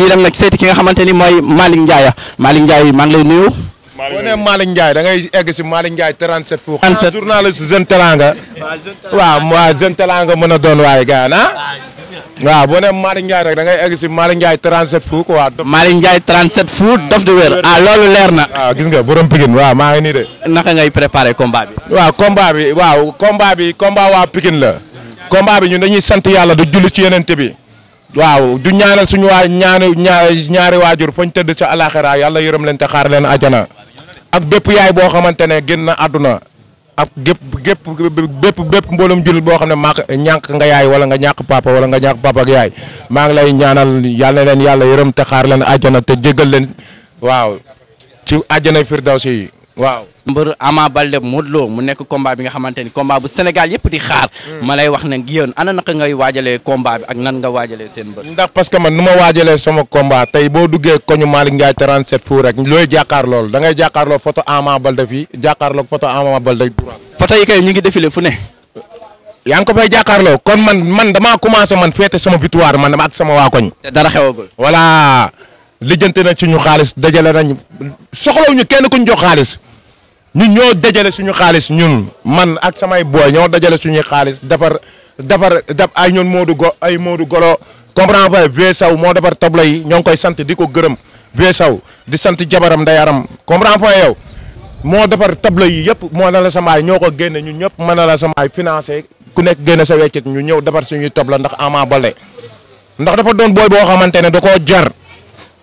dañuy dem nag seeti ki nga xamante ni mooy Malick Ndiaye Malick Ndiaye maa ngi lay nuyu. boo nee Malick Ndiaye da ngay egg si Malick Ndiaye 37 pour. 37 journaliste jeune talanga. a doon waaye da ngay egg si Malick dof de wér ah loolu leer na. waaw gis nga borom Pikine waaw maa ngi nii de. a ngay préparé combat bi. waaw combat bi waaw waa Pikine la. combat bi ñun dañuy sant yàlla du julli ci yeneen bi. waaw du ñaanal suñu waa ñaanu ñaari waajur fañ tëdd sa alaxira yàlla yërëm leen te xaar leen ajana ak bépp yaay boo xamante ne génn na àdduna ak gépp gépp bépp bépp mboolum jullit boo xam ne maa ñàkk nga yaay wala nga ñàkk papa wala nga ñàkk papa ak yaay maa ngi lay ñaanal yàlla leen yàlla yërëm te xaar leen ajana te jégal leen waaw ci ajana firdawsi yi waaw mbër Ama Baldé Modou mu nekk combat bi nga xamante ni combat bu Sénégal yëpp di xaar hmm. ma lay wax ne yéen ana naka ngay waajalee combat bi ak nan nga waajalee seen mbër ndax parce que man nu ma waajale sama combat tey boo duggee koñu Malick Ndiaye 37 fu rek looy jàkkaar lool da ngay jàkkaarloo photo Ama Baldé fii jàkkaarloo photo Ama Baldé photo yi kay ñu ngi défilé fu ne yaa ngi ko fay jàkkaarloo kon man man damaa commencé man féete sama victoire man dama ak sama waa koñ te dara xewagul voilà na ci ñu xaalis dajale nañ soxlawuñu kenn kuñ jox xaalis ñun ñoo dajale suñu xaalis ñun man ak samay booy ñoo dajale suñuy xaalis defar defar def ay ñun Modou go ay Modou Golo comprend pas Vieux Sow moo defar tableau yi ñoo ngi koy sant di ko gërëm Vieux saw di sant jabaram yaram comprend pas yow moo defar tableau yi yëpp moo na la samaay ñoo ko génne ñun ñëpp mën na la samaay financé ku nekk génne sa weccit ñu ñëw defar suñuy tableau ndax Ama bale ndax dafa doon booy boo xamante ne da koo jar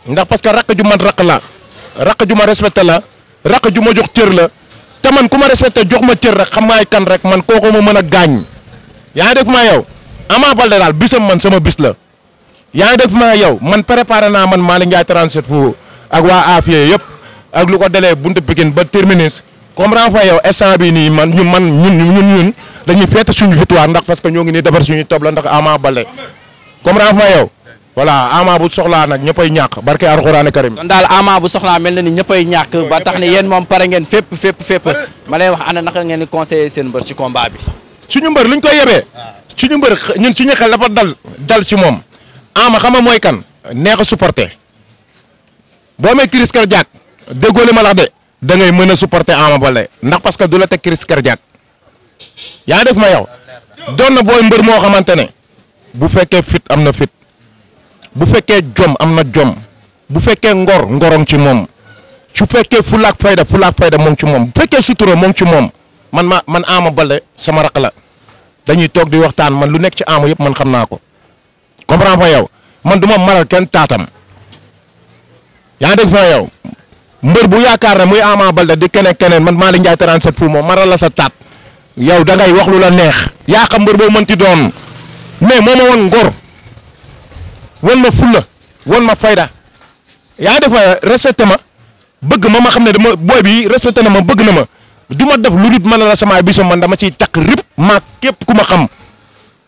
ndax parce que rakk ju man rakk la rakk ju ma respecté la raq ju ma jox cër la te man ku ma respecté jox ma cër rek xam maay kan rek man kooku ma mën a gaañ yaa ngi dégg maa yow Ama Baldé daal bisam man sama bis la yaa ngi dégg maa yow man préparé naa man Malick Ndiaye 37 fou ak waa Afia yëpp ak lu ko delee buntu Pikine ba terminus comme renfa yow instant bi nii man ñu man ñun ñun ñun dañuy feete suñu victoire ndax parce que ñoo ngi nii defar suñu tob la ndax Ama Baldé comme renfa yow voilà Ama bu soxlaa nag ñëppay ñàkk barke alxuraane karim. kon daal Ama bu soxlaa mel na ni ñëppay ñàkk ba tax ne yéen moom pare ngeen fépp fépp fépp ma lay wax ana naka ngeen di conseiller seen mbër ci combat bi. suñu mbër luñ koy yebee suñu mbër ñun suñu xel dafa dal dal ci moom Ama xam mooy kan neex a supporter boo amee crise cardiaque déggoo li ma la de da ngay mën a supporter Ama Baldé ndax parce que du la teg crise cardiaque yaa def ma yow doon na booy mbër moo xamante ne bu fekkee fit am na fit. bu fekkee jom am na jom bu fekkee ngor ngoroŋ ci moom su fekkee fulaak fayda fulaak fayda moo ngi ci moom bu fekkee sutura moo ngi ci moom man ma man Ama Baldé sama raq la dañuy toog di waxtaan man lu nekk ci Ama yëpp man xam naa ko comprends fa yow man du ma maral kenn taatam yaa ngi dégg fa yow mbër bu yaakaar ne muy Ama Baldé di keneen keneen man maa Malick Ndiaye 37 fu moom maral la sa taat yow da ngay wax lu la neex. yaa xam mbër boo mënti doon mais moo ma woon ngor. wan ma fulla wan ma fayda yaa dafa respecté ma bëgg ma ma xam ne dama booy bi respecté na ma bëgg na ma du ma def lu nit mën la sama bisam man dama ciy takk rib maak képp ku ma xam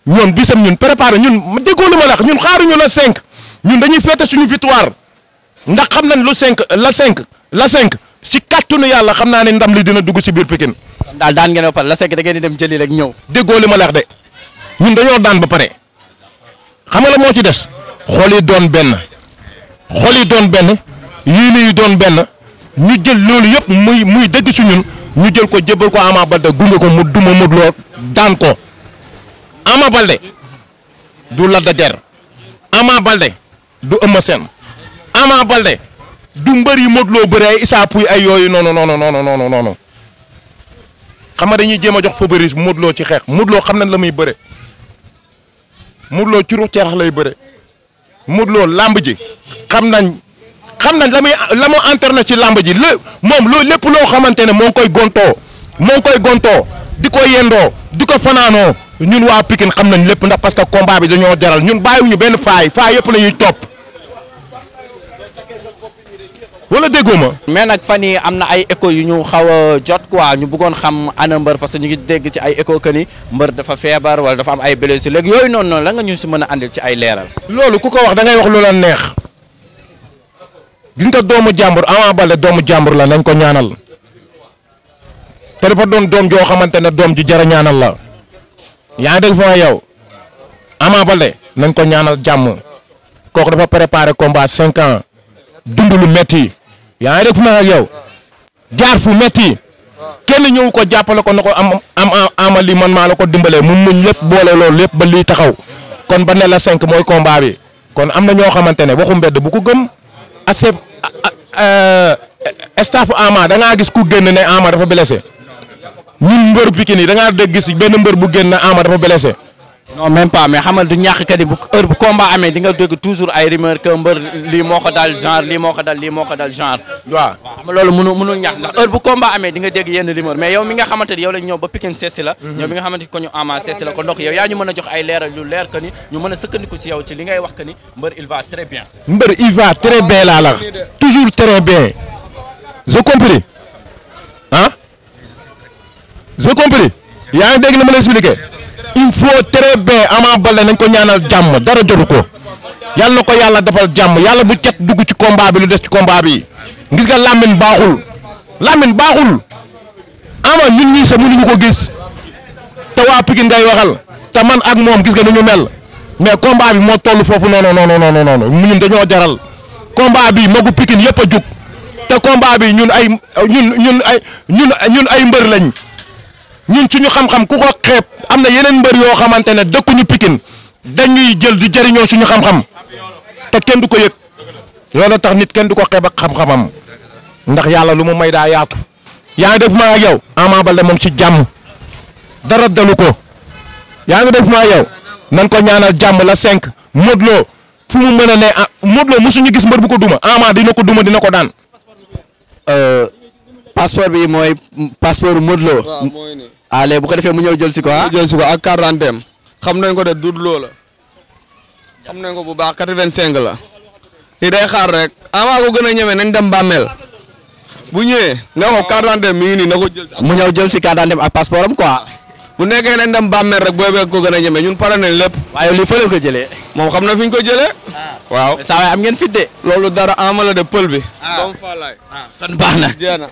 ñoom bisam ñun préparé ñun déggoo lu ma wax ñun xaaruñu la cinq ñun dañuy féete suñu victoire ndax xam nañ lu cinq la cinq la cinq si kàttanu yàlla xam naa ne ndam li dina dugg si biir Pikine. daal daan ngeen ba pare la cinq da ngeen di dem jëli rek ñëw. déggoo li ma la wax de ñun dañoo daan ba pare xam nga la moo ci des. xol doon benn xol yi doon benn yéene yi doon benn ñu jël loolu yëpp muy muy dëgg ci ñun ñu jël ko jébal ko Ama Baldé gunge ko mu duma Modou Lo daan ko Ama Baldé du Lac de Guiers Ama Baldé du Eumeu Sène Ama Baldé du mbër yi Modou Lo bëri ay Issa Pouye ay yooyu non non non non non xam nga dañuy jéem a jox favori Modou Lo ci xeex Modou Lo xam nañ la muy bëre Modou Lo ci ruux ceerax lay bëre. mu Lo làmb ji xam nañ xam nañ la muy la mu enterné ci làmb ji lé moom loolu lépp loo xamante ne moo ngi koy gontoo moo ngi koy gontoo di ko yendoo di ko fanaanoo ñun waa Pikine xam nañ lépp ndax parce que combat bi dañoo jaral ñun ñu benn faay faay yëpp la ñuy topp wala déggoo ma. mais nag fan yii am na ay écho yu ñu xaw a ko waa ñu buggoon xam ana mbër parce que ñu ngi dégg ci ay écho que ni mbër dafa feebar wala dafa am ay blessure léegi yooyu noonu la nga ñu si mën a àndil ci ay leeral. loolu ku ko wax da ngay wax lu la neex gis doomu jàmbur Ama Baldé doomu jàmbur la nañ ko ñaanal te dafa doon doom xamante ne doom ji jara ñaanal la yaa dégg yow Ama Baldé nañ ko ñaanal jàmm kooku dafa préparé combat cinq ans dund lu métti yaa ngi dégg fu ak yow jaar fu metti kenn ñëw ko jàppale ko na ko am am amal li man maa la ko dimbalee mu muñ lépp boole loolu lépp ba lii taxaw kon ba ne la cinq mooy combat bi kon am na ñoo xamante ne waxu mbedd bu ko gëm acep staff Ama da ngaa gis ku génn ne Ama dafa blessé ñun mbër Pikine yi da ngaa dégg gis benn mbër bu génn ne Ama dafa blessé non même pas mais xamal du ñàkkkat yi bu heure bu combat amee di nga dégg toujours ay rumeur que mbër lii moo genre lii moo ko dal genre. loolu mënu mënul ndax heure bu combat amee di dégg yenn rumeur mais yow mi nga xamante ni yow ba Pikine seesi la. Mhm. yow mi nga ko ñu ama seesi la ko ndox yow yaa ñu mën a jox ay leeral lu leer que ñu mën a sëkkandiku ci yow ci li ngay wax que mbër il va très bien. laa la toujours très bien. je compris ah je compris il faut très bien Ama nañ ko ñaanal jàmm dara jotu ko yàlla na ko yàlla defal jàmm yàlla bu cet dugg ci combat bi lu des ci combat bi gis nga làmmiñ baaxul làmmin baaxul ama ñun ñii sax mënuñu ko gis te waa Pikine ngay waxal te man ak moom gis nga ni ñu mel mais combat bi moo toll foofu non non non non non non ñun dañoo jaral combat bi magu pikin yépp a jug te combat bi ñun ay ñun ñun ay ñun ñun ay mbër lañ. ñun suñu xam-xam ku ko xeeb am na yeneen mbër yoo xamante ne dëkkuñu pikin dañuy jël di jëriñoo suñu xam-xam te kenn du ko yëg loolu tax nit kenn du ko xeeb ak ndax yàlla lu mu may daa yaatu. yaa ngi def maa ak yow Ama Baldé moom si jàmm dara dalu ko yaa ngi def maa yow nan ko ñaanal jàmm la cinq Modou fu mu mën a ne ah Modou Lo mosuñu gis mbër bu ko duma Ama dina ko duma dina ko daan. Euh, passeport bi mooy passeport Modou ah bu ko defee mu ñëw jël si ko ah. jël si ko ak quarante am xam nañ ko de dud loo xam nañ ko bu baax quatre-vingt-cinq la. li day xaar rek amaa ko gën a ñeme nañ dem bàmmeel bu ñëwee nga ko quarante am mi ngi nii na ko jël si. mu ñëw jël si quarante dem a passeport am quoi. bu nekkee nañ dem bàmmeel rek booy beeg ko gën a ñeme ñun pare nañ lépp. waaye li fële ko jëlee. moom xam na fi ñu ko jëlee. Ah. waaw saa waay am ngeen fit loolu dara ama la de pël bi. ah, ah. kon baax na.